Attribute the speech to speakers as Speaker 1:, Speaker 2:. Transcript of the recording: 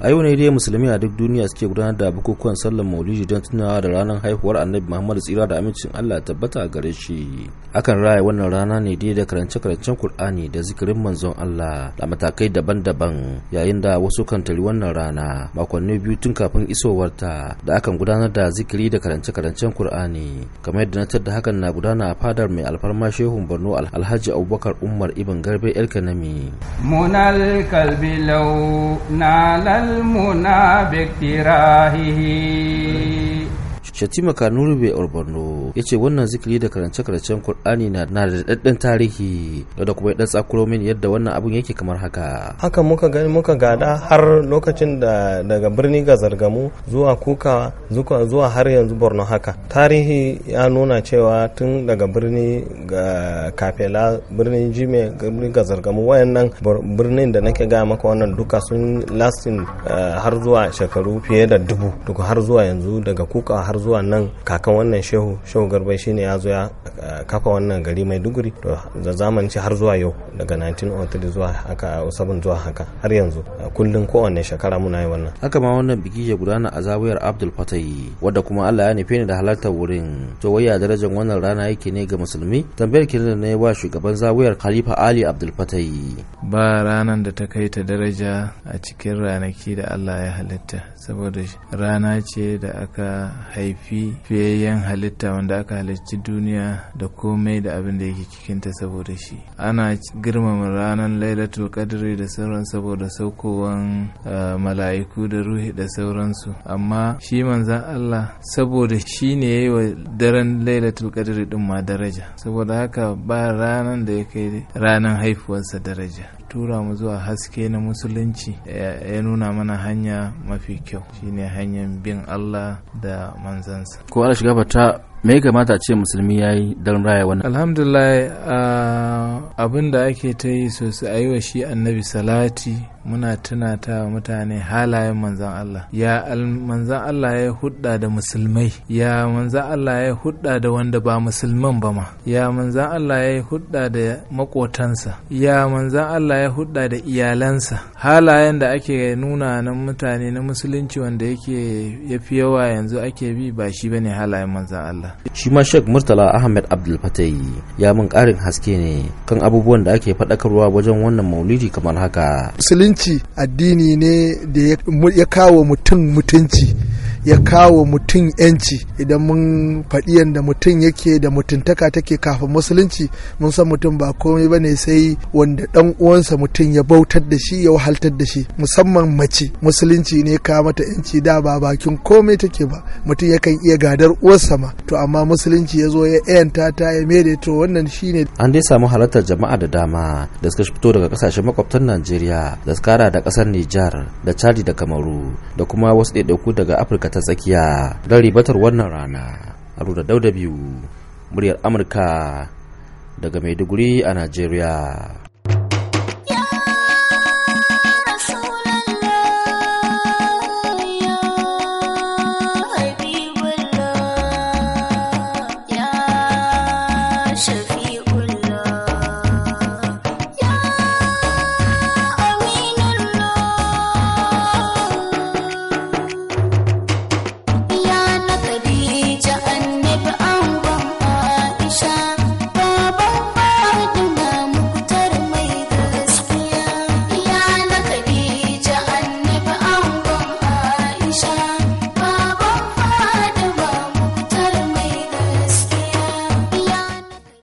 Speaker 1: a yau ne dai musulmi a duk duniya suke gudanar da bukukuwan sallar maulidi don tunawa da ranar haihuwar annabi muhammadu tsira da amincin allah tabbata a gare shi akan raya wannan rana ne dai da karance karancen kur'ani da zikirin manzon allah da matakai daban-daban yayin da wasu kan tari wannan rana makonni biyu tun kafin isowarta da akan gudanar da zikiri da karance karancen kur'ani kamar yadda na da hakan na gudana a fadar mai alfarma shehun borno alhaji abubakar umar ibn garbe el kanami munal kalbi المنافق راهه Shatima Kanurbe Orbano ya ce wannan zikiri da karance-karancen Kur'ani na da daɗaɗɗen tarihi da kuma ɗan tsakuro min yadda wannan abun yake kamar haka.
Speaker 2: Haka muka gani muka gada har lokacin da daga birni ga zargamu zuwa kuka zuwa har yanzu Borno haka. Tarihi ya nuna cewa tun daga birni ga Kafela birnin Jime birni ga zargamu wayannan birnin da nake gaya maka wannan duka sun lastin eh, har zuwa shekaru fiye da dubu duka har zuwa yanzu daga kuka har zuwa zuwa nan kakan wannan shehu shehu garbai shine ya zo ya eh, kafa wannan gari mai duguri to da zamanci har zuwa yau daga 1903 zuwa haka usabin zuwa haka har yanzu kullum kowanne shekara muna yi wannan
Speaker 1: haka ma wannan biki ya gudana a zawiyar abdul fatayi wadda kuma allah ya nufe ni da halartar wurin to waya darajar wannan rana yake ne ga musulmi tambayar kiran ne ba shugaban zawiyar
Speaker 3: khalifa ali abdul fatayi ba ranan da ta kai ta daraja a cikin ranaki da allah ya halitta saboda rana ce da aka haifi laifi fiyayyen halitta wanda aka halarci duniya da komai da abin da yake cikinta saboda shi ana girmama ranar lailatul kadiri da sauran saboda saukowan ah, mala'iku da ruhi da sauransu amma shi manzan Allah saboda shi ne ya yi wa daren lailatul kadiri din ma daraja saboda haka ba ranar da ya kai ranar haifuwarsa daraja tura mu zuwa haske na musulunci ya nuna mana hanya mafi kyau shine hanyar bin Allah da manzansa ko Allah shiga
Speaker 1: fata me ya kamata ce musulmi ya yi don raya wani
Speaker 3: alhamdulillah abin da ake ta yi sosai a yi wa shi annabi salati muna tunata wa mutane halayen manzan Allah ya manzan Allah ya hudda da musulmai ya manzan Allah ya hudda da wanda ba musulman ba ma ya manzan Allah ya hudda da makotansa ya manzan Allah ya hudda da iyalansa halayen da ake nuna na mutane na musulunci wanda yake fi yawa yanzu ake bi ba shi bane halayen manzan Allah Allah.
Speaker 1: Shi ma Sheikh Murtala Ahmed Abdul Fatai ya min ƙarin haske ne kan abubuwan da ake faɗakarwa wajen wannan maulidi kamar haka. Musulunci addini ne da ya kawo mutum mutunci. ya kawo mutum yanci idan mun faɗi yadda mutum yake da mutuntaka take kafin musulunci mun san mutum ba komai ba ne sai wanda ɗan uwansa mutum ya bautar da shi ya wahaltar da shi musamman mace musulunci ne ka mata yanci da ba bakin komai take ba mutum yakan iya gadar uwarsa ma to amma musulunci ya zo ya yanta ta ya mere to wannan shine an dai samu halartar jama'a da dama da suka fito daga kasashen makwabtan Najeriya da da kasar Nijar da Chad da Kamaru da kuma wasu ɗaiɗaiku daga Afirka ta ta tsakiya don ribatar wannan rana haruna dauda biyu muryar amurka daga maiduguri a
Speaker 3: najeriya